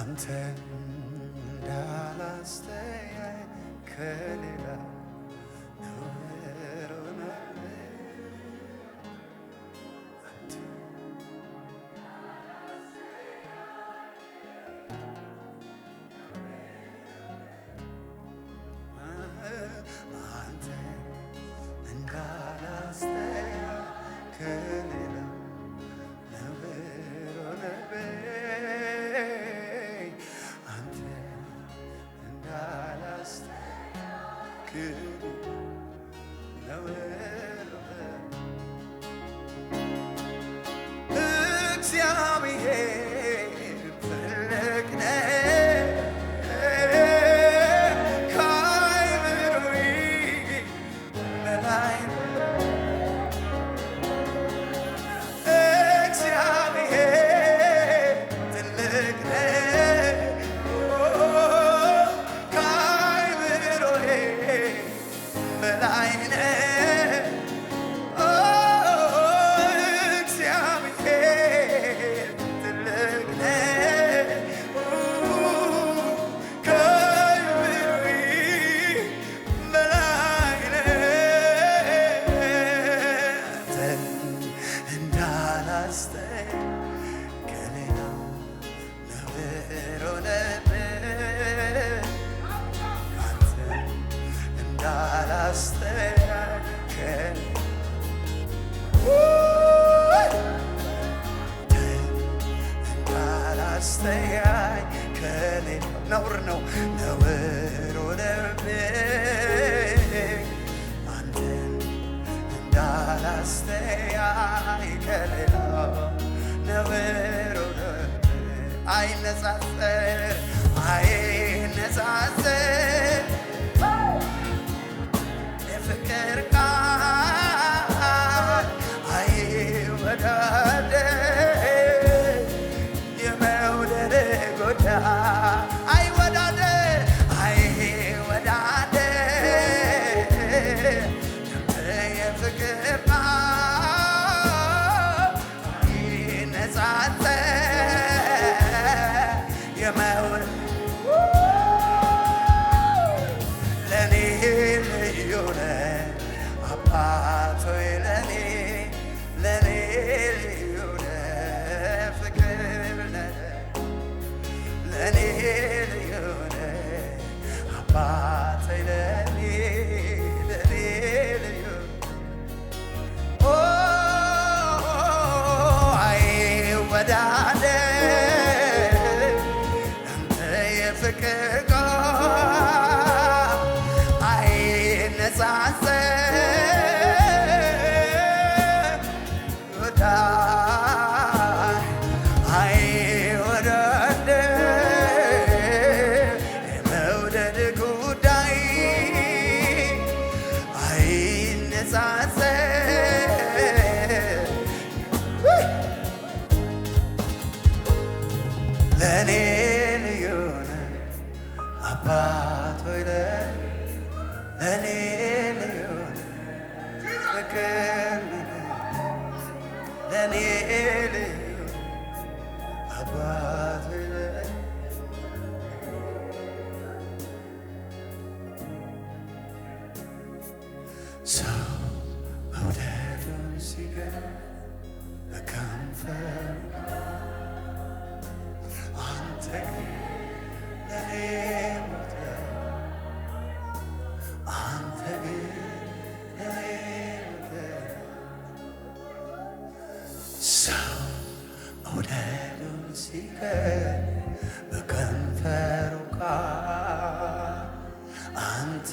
አንተ እንዳላስተያይ ከሌላ ነው።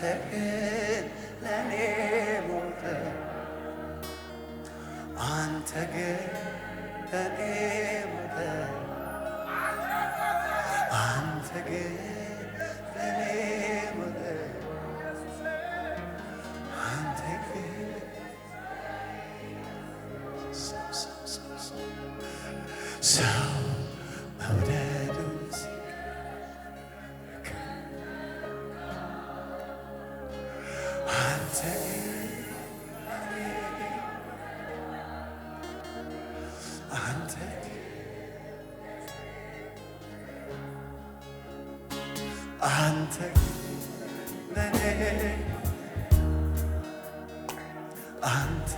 ብትሰግድ ለኔ ሞተ አንተ ግን ለኔ ሞተ አንተ ግን አንተ ለኔ አንተ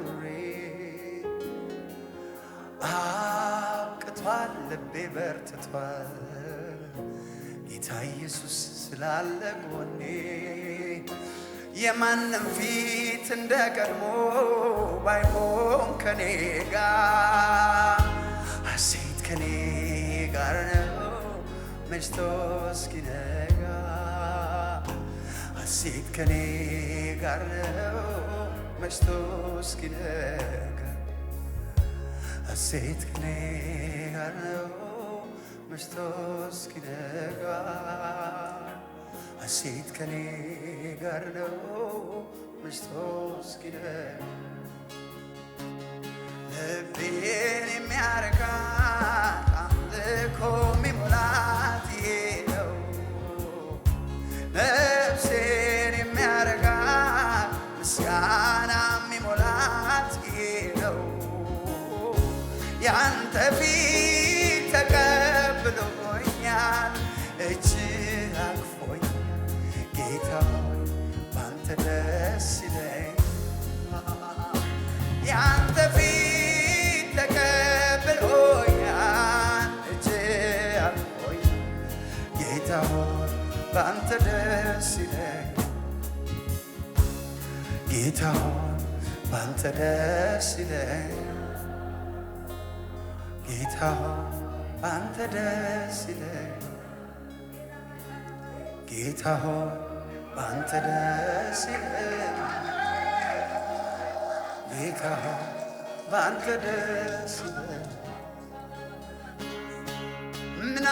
መኖሬ አብቅቷል፣ ልቤ በርትቷል። ጌታ ኢየሱስ ስላለ ጎኔ የማንም ፊት እንደ ቀድሞ ባይሆን ከኔ ጋር ሐሴት ከኔ ጋር ነው መሽቶ እስኪነጋ ሐሴት ከኔ ጋር ነው መሽቶ እስኪነጋ ሐሴት ቅኔ አለው መሽቶ እስኪነጋ ሐሴት ከኔ ጋር ነው መሽቶ እስኪነጋ ልቤን የሚያረካት አምልኮ የሚሞላት ይሄ ነው። ምስጋና የሚሞላት ነው ያንተ ፊት ተቀብሎኛል፣ እጅ አቅፎኛል። ጌታ ባንተ ደስ ይለኛል። ያንተ ፊት ተቀብሎኛል፣ እጅ አቅፎኛል። ጌታ ባንተ ደስ ጌታ ሆይ ባንተ ደስ ይለኛል፣ ጌታ ባንተ ደስ ይለኛል፣ ጌታ ሆይ ባንተ ደስ ይለኛል፣ ጌታ ሆይ ባንተ ደስ ይለኛል ምና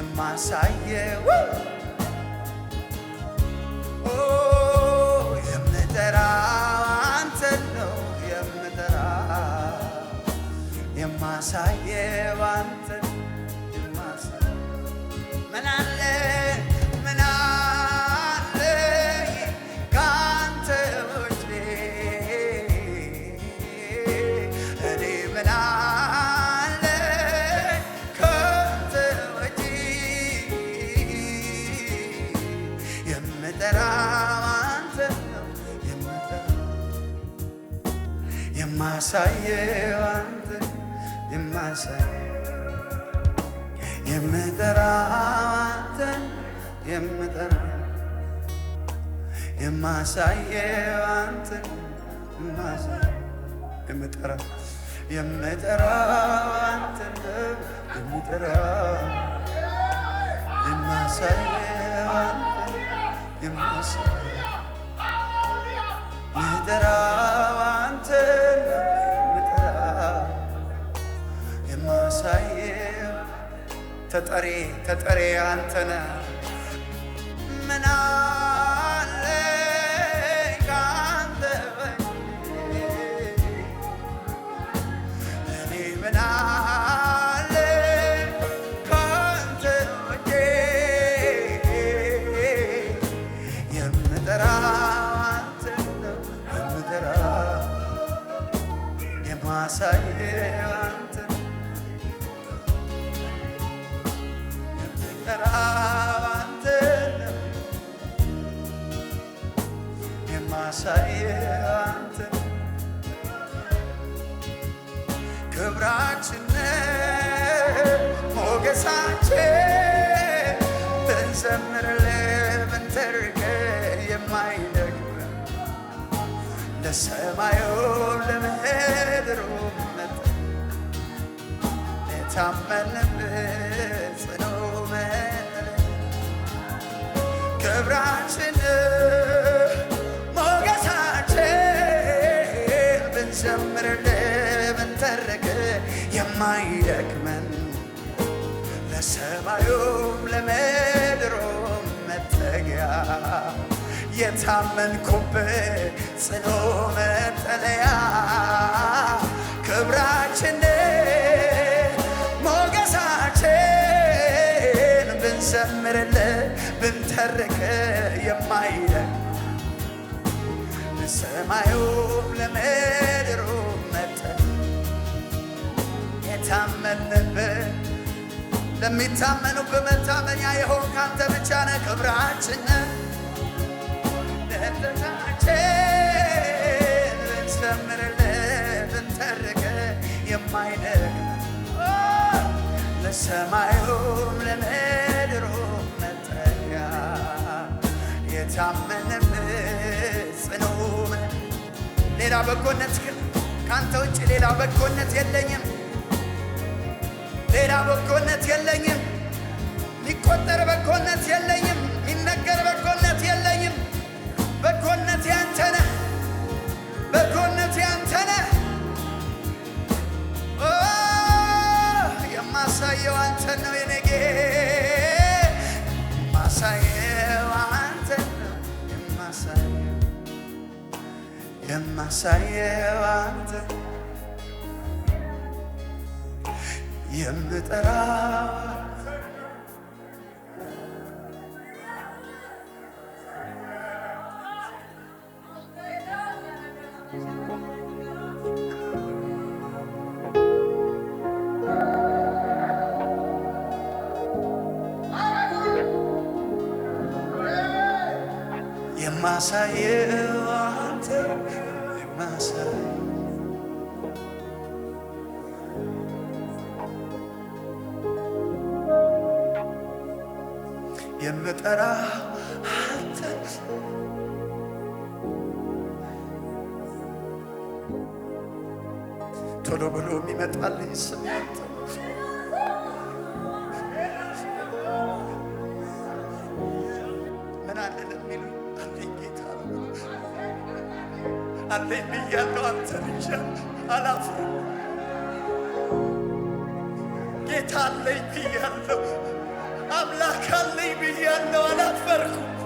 የማሳየው የምጠራ አንተን ነው የምጠራ የማሳየው አንተ የማሳየው አንተ የማሳየው የምጠራው አንተ የምጠራው የማሳየው አንተ የማሳየው የምጠራው የምጠራው አንተ የምጠራው የማሳየው አንተ የማሳየው የምጠራው አንተን የምጠራው የማሳየው ተጠሪ ተጠሪ አንተነ ምና ማሳይ አንተ ክብራችን ሞገሳችን ብንዘምር ብንተርከ የማይደግም ለሰማዩ ለምድሩ የታመንበት ጽኑ ክብራችን የተተረከ የማይደክመን ለሰማዩም ለምድሩም መጠጊያ የታመንኩብ ጽኑ መጠለያ ክብራችን ሞገሳችን ብንዘምርል ብንተርከ የማይደክመን ለሰማዩም ለምድሩም ለሚታመኑ በመታመኛ የሆን ካንተ ብቻ ነ ክብራችን ደህንነታችን ብንዘምርልህ ብንተርከህ የማይደክም ለሰማዩም ለምድሩም መጠጊያ የታመንንብህ ጽኑ ሌላ በጎነት ከአንተ ውጭ ሌላ በጎነት የለኝም ሌላ በጎነት የለኝም። ሊቆጠር በጎነት የለኝም። ሊነገር በጎነት የለኝም። በጎነት ያንተ ነህ። በጎነት ያንተ የማሳየው አንተ ነው የኔ የማሳየው አንተ ነው የማሳየው የማሳየው አንተ የምጠራ የማሳየው አንተ የማሳየው ብጠራ ቶሎ ብሎ የሚመጣልኝ ስም ምን አለን የሚሉ አለኝ ጌታ አለኝ ብያለሁ። አንተን ይዤ አላፍርም ጌታ አለኝ ብያለሁ። አምላክ አለኝ ብያለሁ፣ አላፈርኩም።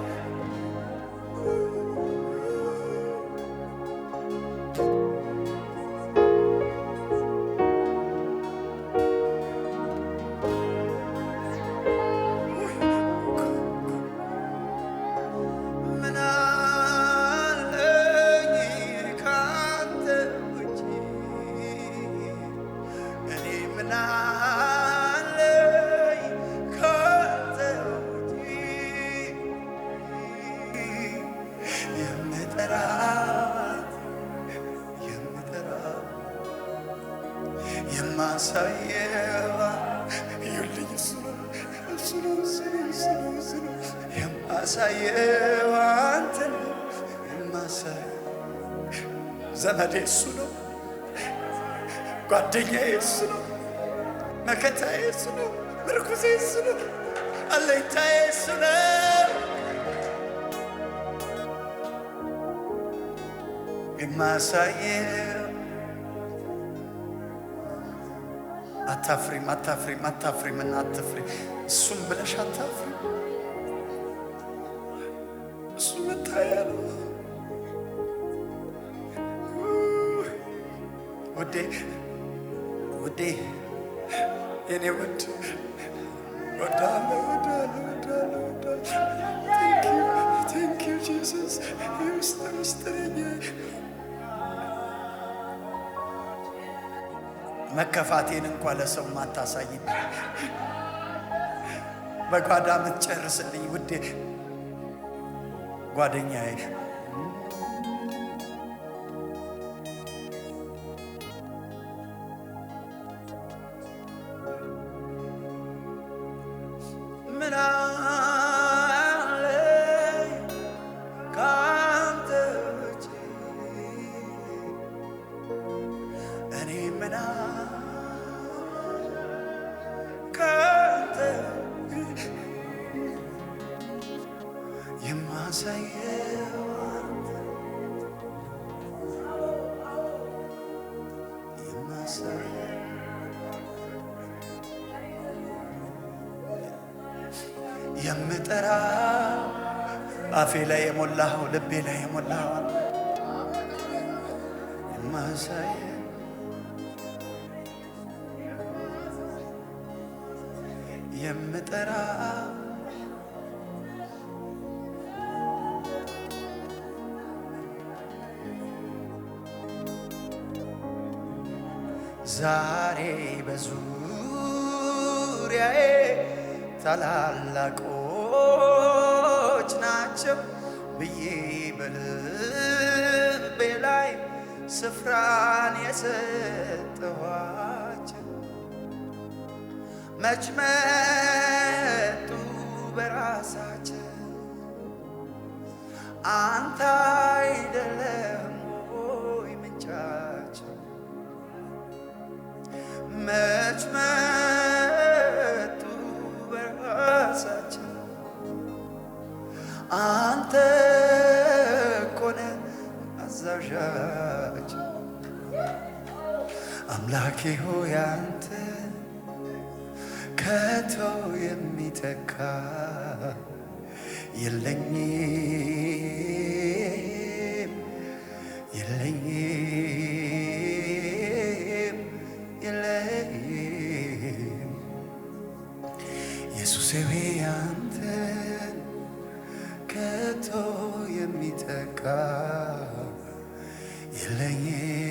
ዘመዴ እሱ ነው፣ ጓደኛዬ እሱ ነው፣ መከታዬ እሱ ነው፣ ምርኩዜ እሱ ነው፣ አለኝታዬ እሱ ነው። የማያሳየው አታፍሪም፣ አታፍሪም፣ አታፍሪም እና አትፍሪ እሱም ብለሽ አታፍሪ መከፋቴን እንኳ ለሰው ማታሳይኝ በጓዳ ምትጨርስልኝ ውዴ ጓደኛዬ ما سيوات يما سيوات የምጠራ አፌ ላይ የሞላኸው ልቤ ላይ የሞላኸው ማሳየ ዛሬ በዙሪያዬ ታላላቆች ናቸው ብዬ በልቤ ላይ ስፍራን የሰጠኋቸው መች መጡ በራሳቸው አንተ አይደለም መች መጡ በራሳቸው አንተ ኮነ አዛዣቸው አምላኬ ሆይ አንተ ከቶ የሚተካ የለኝም የለኝ ilengi